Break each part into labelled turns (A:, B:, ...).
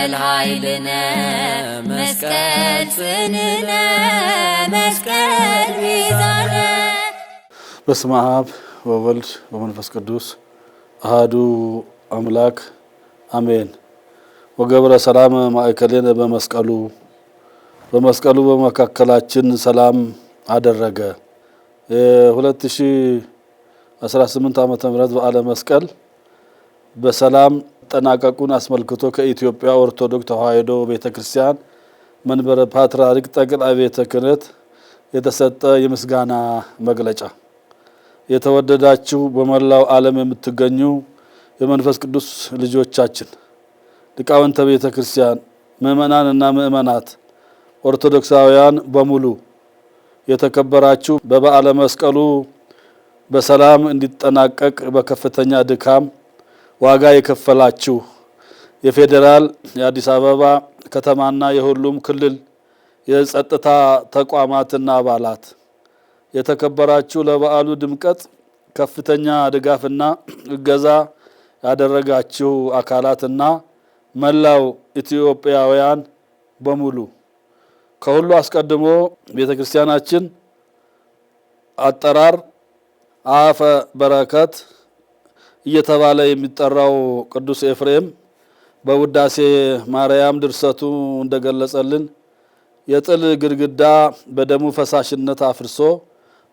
A: መስቀል ኃይልነ መስቀል ጽንዕነ መስቀል ቤዛነ።
B: በስመ አብ ወወልድ ወመንፈስ ቅዱስ አህዱ አምላክ አሜን። ወገብረ ሰላም ማእከሌነ በመስቀሉ በመስቀሉ በመካከላችን ሰላም አደረገ። የ2018 ዓመተ ምህረት በዓለ መስቀል በሰላም መጠናቀቁን አስመልክቶ ከኢትዮጵያ ኦርቶዶክስ ተዋሕዶ ቤተ ክርስቲያን መንበረ ፓትርያርክ ጠቅላይ ቤተ ክህነት የተሰጠ የምስጋና መግለጫ። የተወደዳችሁ በመላው ዓለም የምትገኙ የመንፈስ ቅዱስ ልጆቻችን፣ ሊቃውንተ ቤተ ክርስቲያን፣ ምእመናንና ምእመናት፣ ኦርቶዶክሳውያን በሙሉ የተከበራችሁ በበዓለ መስቀሉ በሰላም እንዲጠናቀቅ በከፍተኛ ድካም ዋጋ የከፈላችሁ የፌዴራል የአዲስ አበባ ከተማና የሁሉም ክልል የጸጥታ ተቋማትና አባላት የተከበራችሁ፣ ለበዓሉ ድምቀት ከፍተኛ ድጋፍና እገዛ ያደረጋችሁ አካላትና መላው ኢትዮጵያውያን በሙሉ ከሁሉ አስቀድሞ ቤተ ክርስቲያናችን አጠራር አፈ በረከት እየተባለ የሚጠራው ቅዱስ ኤፍሬም በውዳሴ ማርያም ድርሰቱ እንደገለጸልን የጥል ግድግዳ በደሙ ፈሳሽነት አፍርሶ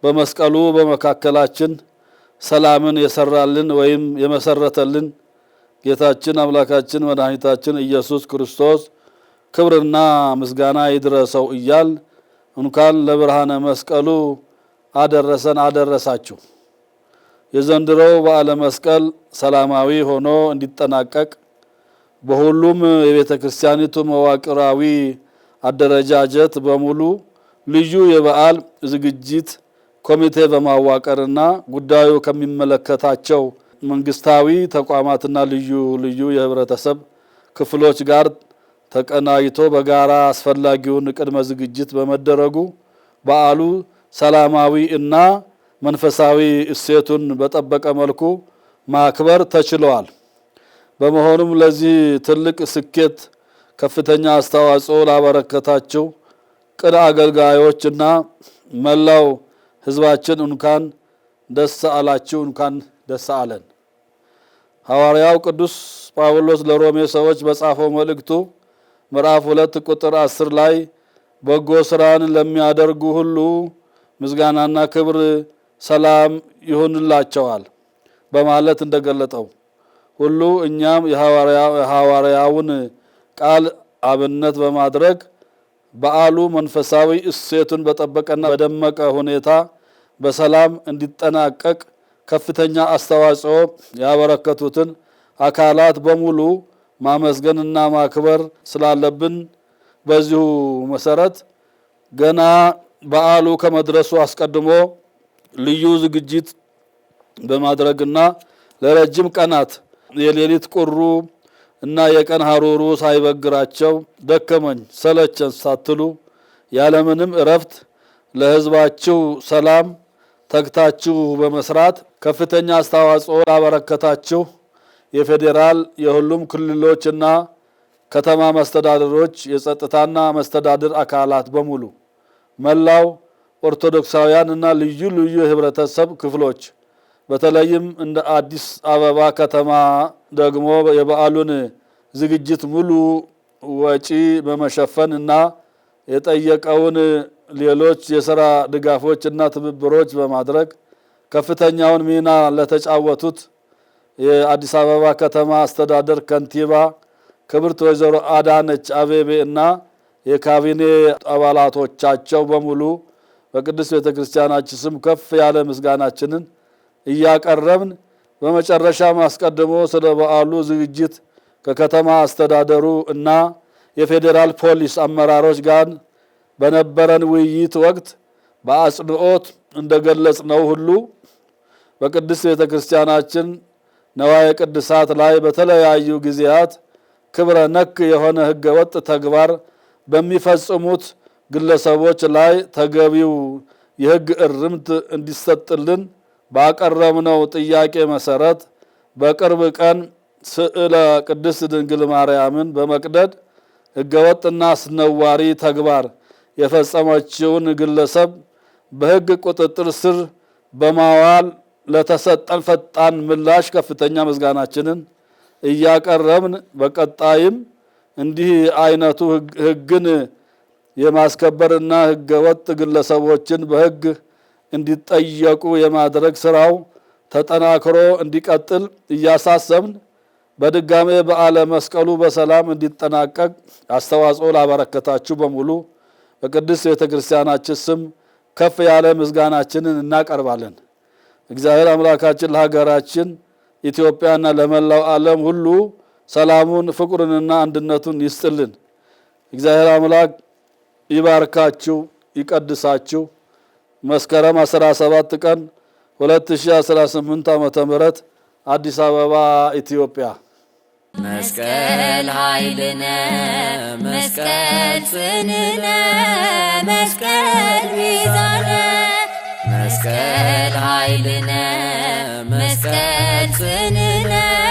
B: በመስቀሉ በመካከላችን ሰላምን የሰራልን ወይም የመሰረተልን ጌታችን አምላካችን መድኃኒታችን ኢየሱስ ክርስቶስ ክብርና ምስጋና ይድረሰው እያል እንኳን ለብርሃነ መስቀሉ አደረሰን አደረሳችሁ። የዘንድሮው በዓለ መስቀል ሰላማዊ ሆኖ እንዲጠናቀቅ በሁሉም የቤተ ክርስቲያኒቱ መዋቅራዊ አደረጃጀት በሙሉ ልዩ የበዓል ዝግጅት ኮሚቴ በማዋቀርና ጉዳዩ ከሚመለከታቸው መንግስታዊ ተቋማትና ልዩ ልዩ የህብረተሰብ ክፍሎች ጋር ተቀናጅቶ በጋራ አስፈላጊውን ቅድመ ዝግጅት በመደረጉ በዓሉ ሰላማዊ እና መንፈሳዊ እሴቱን በጠበቀ መልኩ ማክበር ተችሏል። በመሆኑም ለዚህ ትልቅ ስኬት ከፍተኛ አስተዋጽኦ ላበረከታቸው ቅን አገልጋዮችና መላው ሕዝባችን እንኳን ደስ አላችሁ፣ እንኳን ደስ አለን። ሐዋርያው ቅዱስ ጳውሎስ ለሮሜ ሰዎች በጻፈው መልእክቱ ምዕራፍ ሁለት ቁጥር አስር ላይ በጎ ስራን ለሚያደርጉ ሁሉ ምስጋናና ክብር ሰላም ይሆንላቸዋል በማለት እንደገለጠው ሁሉ እኛም የሐዋርያውን ቃል አብነት በማድረግ በዓሉ መንፈሳዊ እሴቱን በጠበቀና በደመቀ ሁኔታ በሰላም እንዲጠናቀቅ ከፍተኛ አስተዋጽኦ ያበረከቱትን አካላት በሙሉ ማመስገንና ማክበር ስላለብን በዚሁ መሰረት ገና በዓሉ ከመድረሱ አስቀድሞ ልዩ ዝግጅት በማድረግና ለረጅም ቀናት የሌሊት ቁሩ እና የቀን ሀሩሩ ሳይበግራቸው ደከመኝ ሰለቸን ሳትሉ ያለምንም እረፍት ለሕዝባችሁ ሰላም ተግታችሁ በመስራት ከፍተኛ አስተዋጽኦ ላበረከታችሁ የፌዴራል የሁሉም ክልሎችና ከተማ መስተዳድሮች የጸጥታና መስተዳድር አካላት በሙሉ መላው ኦርቶዶክሳውያን እና ልዩ ልዩ የህብረተሰብ ክፍሎች በተለይም እንደ አዲስ አበባ ከተማ ደግሞ የበዓሉን ዝግጅት ሙሉ ወጪ በመሸፈን እና የጠየቀውን ሌሎች የሥራ ድጋፎች እና ትብብሮች በማድረግ ከፍተኛውን ሚና ለተጫወቱት የአዲስ አበባ ከተማ አስተዳደር ከንቲባ ክብርት ወይዘሮ አዳነች አቤቤ እና የካቢኔ አባላቶቻቸው በሙሉ በቅዱስ ቤተ ክርስቲያናችን ስም ከፍ ያለ ምስጋናችንን እያቀረብን በመጨረሻም አስቀድሞ ስለ በዓሉ ዝግጅት ከከተማ አስተዳደሩ እና የፌዴራል ፖሊስ አመራሮች ጋር በነበረን ውይይት ወቅት በአጽንኦት ነው ሁሉ በቅድስት ቤተ ክርስቲያናችን ነዋየ ቅድሳት ላይ በተለያዩ ጊዜያት ክብረ ነክ የሆነ ሕገ ወጥ ተግባር በሚፈጽሙት ግለሰቦች ላይ ተገቢው የሕግ እርምት እንዲሰጥልን ባቀረብነው ጥያቄ መሰረት በቅርብ ቀን ስዕለ ቅድስት ድንግል ማርያምን በመቅደድ ሕገወጥና አስነዋሪ ተግባር የፈጸመችውን ግለሰብ በሕግ ቁጥጥር ስር በማዋል ለተሰጠን ፈጣን ምላሽ ከፍተኛ ምስጋናችንን እያቀረብን በቀጣይም እንዲህ አይነቱ ሕግን የማስከበርና ህገ ወጥ ግለሰቦችን በህግ እንዲጠየቁ የማድረግ ስራው ተጠናክሮ እንዲቀጥል እያሳሰብን በድጋሜ በዓለ መስቀሉ በሰላም እንዲጠናቀቅ አስተዋጽኦ ላበረከታችሁ በሙሉ በቅድስት ቤተ ክርስቲያናችን ስም ከፍ ያለ ምስጋናችንን እናቀርባለን። እግዚአብሔር አምላካችን ለሀገራችን ኢትዮጵያና ለመላው ዓለም ሁሉ ሰላሙን፣ ፍቅሩንና አንድነቱን ይስጥልን። እግዚአብሔር አምላክ ይባርካችሁ ይቀድሳችሁ። መስከረም 17 ቀን 2018 ዓመተ ምህረት አዲስ አበባ ኢትዮጵያ። መስቀል ኃይልነ መስቀል ጽንነ መስቀል ቤዛነ መስቀል ኃይልነ መስቀል ጽንነ